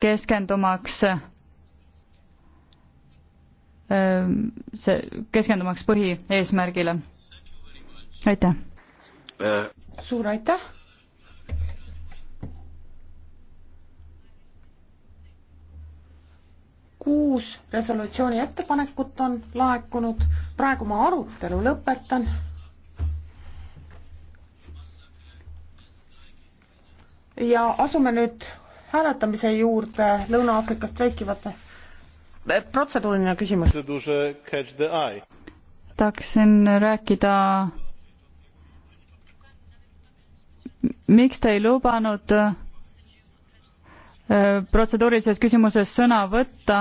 keskendumaks ähm, see, keskendumaks põhieesmärgile. aitäh! suur aitäh! kuus resolutsiooni ettepanekut on laekunud, praegu ma arutelu lõpetan. ja asume nüüd hääletamise juurde Lõuna-Aafrika streikivate. protseduuriline küsimus. tahaksin rääkida miks te ei lubanud äh, protseduurilises küsimuses sõna võtta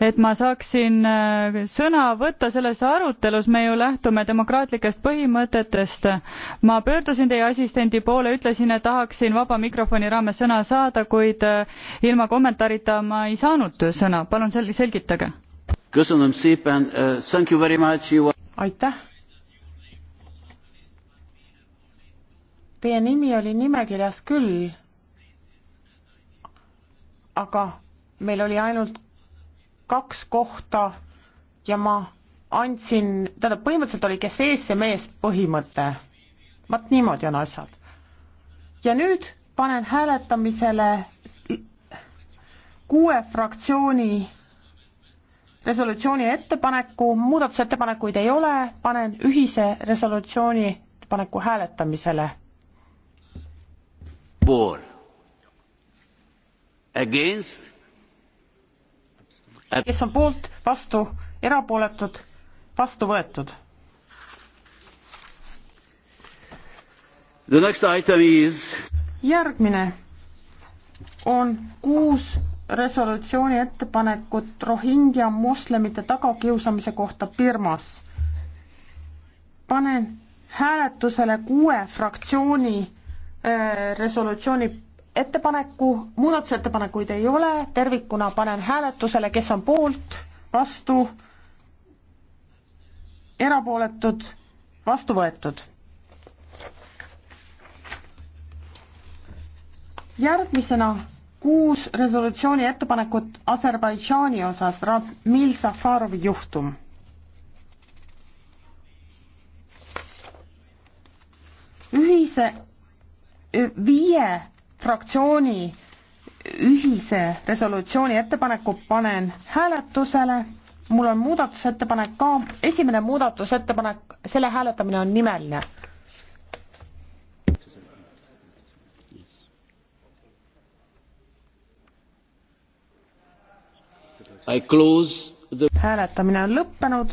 et ma saaksin äh, sõna võtta selles arutelus, me ju lähtume demokraatlikest põhimõtetest. ma pöördusin teie assistendi poole, ütlesin, et tahaksin vaba mikrofoni raames sõna saada, kuid äh, ilma kommentaarita ma ei saanud sõna, palun sel-, selgitage. aitäh. Teie nimi oli nimekirjas küll, aga meil oli ainult kaks kohta ja ma andsin, tähendab, põhimõtteliselt oli, kes ees, see mees põhimõte. vaat niimoodi on asjad. ja nüüd panen hääletamisele kuue fraktsiooni resolutsiooni ettepaneku, muudatusettepanekuid ei ole, panen ühise resolutsiooni ettepaneku hääletamisele. Against kes on poolt, vastu, erapooletud, vastu võetud. Is... järgmine on kuus resolutsiooni ettepanekut Rohingja moslemite tagakiusamise kohta Birmas. panen hääletusele kuue fraktsiooni äh, resolutsiooni ettepaneku, muudatusettepanekuid ei ole, tervikuna panen hääletusele, kes on poolt, vastu, erapooletud, vastu võetud. järgmisena kuus resolutsiooni ettepanekut Aserbaidžaani osas Ramil Safarovi juhtum ühise viie fraktsiooni ühise resolutsiooni ettepaneku panen hääletusele. mul on muudatusettepanek ka, esimene muudatusettepanek, selle hääletamine on nimeline. The... hääletamine on lõppenud.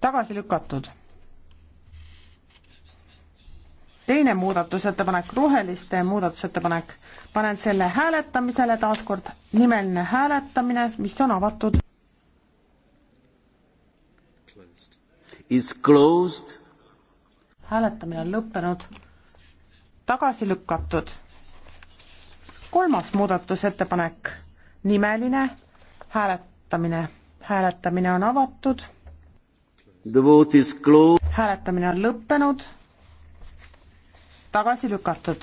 tagasi lükatud teine muudatusettepanek, roheliste muudatusettepanek. panen selle hääletamisele taas kord, nimeline hääletamine, mis on avatud. hääletamine on lõppenud, tagasi lükatud. kolmas muudatusettepanek, nimeline hääletamine, hääletamine on avatud. hääletamine on lõppenud tagasi lükatud.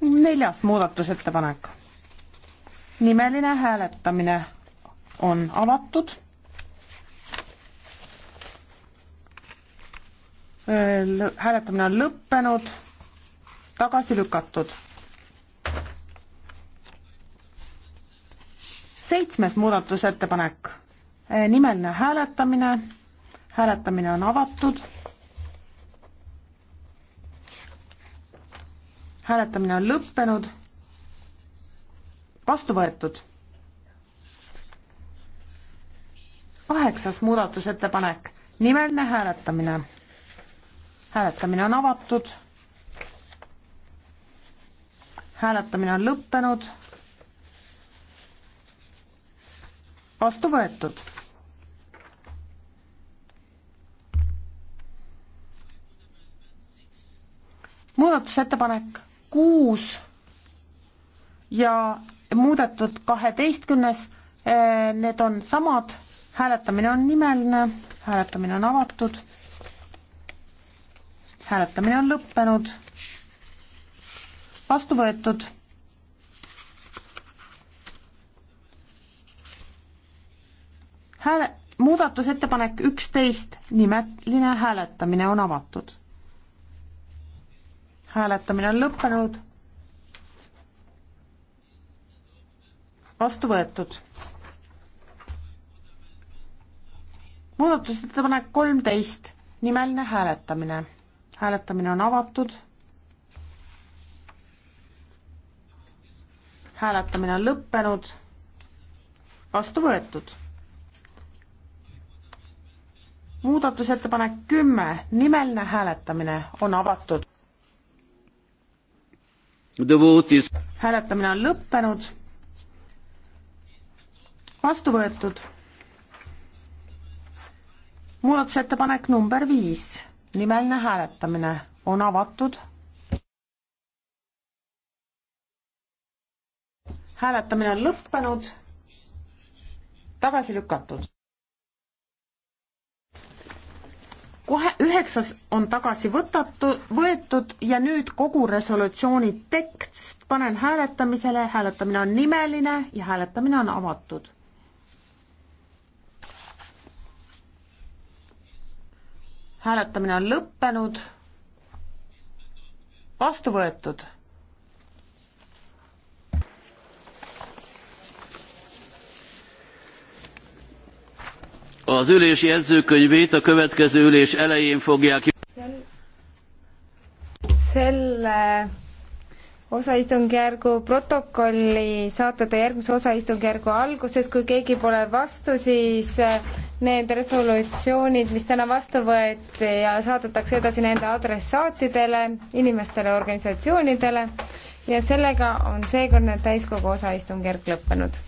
neljas muudatusettepanek. nimeline hääletamine on avatud. hääletamine on lõppenud, tagasi lükatud. seitsmes muudatusettepanek, nimeline hääletamine hääletamine on avatud. hääletamine on lõppenud. vastu võetud. kaheksas muudatusettepanek, nimeline hääletamine. hääletamine on avatud. hääletamine on lõppenud. vastu võetud muudatusettepanek kuus ja muudetud kaheteistkümnes, eh, need on samad, hääletamine on nimeline, hääletamine on avatud, hääletamine on lõppenud, vastu võetud hääle, muudatusettepanek üksteist, nimeline hääletamine on avatud hääletamine on lõppenud. vastu võetud. muudatusettepanek kolmteist, nimeline hääletamine. hääletamine on avatud. hääletamine on lõppenud. vastu võetud. muudatusettepanek kümme, nimeline hääletamine on avatud Is... hääletamine on lõppenud. vastu võetud. muudatusettepanek number viis, nimeline hääletamine on avatud. hääletamine on lõppenud, tagasi lükatud. kohe üheksas on tagasi võtatu, võetud ja nüüd kogu resolutsiooni tekst panen hääletamisele, hääletamine on nimeline ja hääletamine on avatud. hääletamine on lõppenud, vastu võetud Az ülés jegyzőkönyvét a következő ülés elején fogják... Selle osaistungjärgu protokolli saate te järgmise osaistungjärgu alguses, kui keegi pole vastu, siis äh, need resolutsioonid, mis täna vastu võeti ja saadetakse edasi nende adressaatidele, inimestele, organisatsioonidele ja sellega on seekordne täiskogu osaistungjärk lõppenud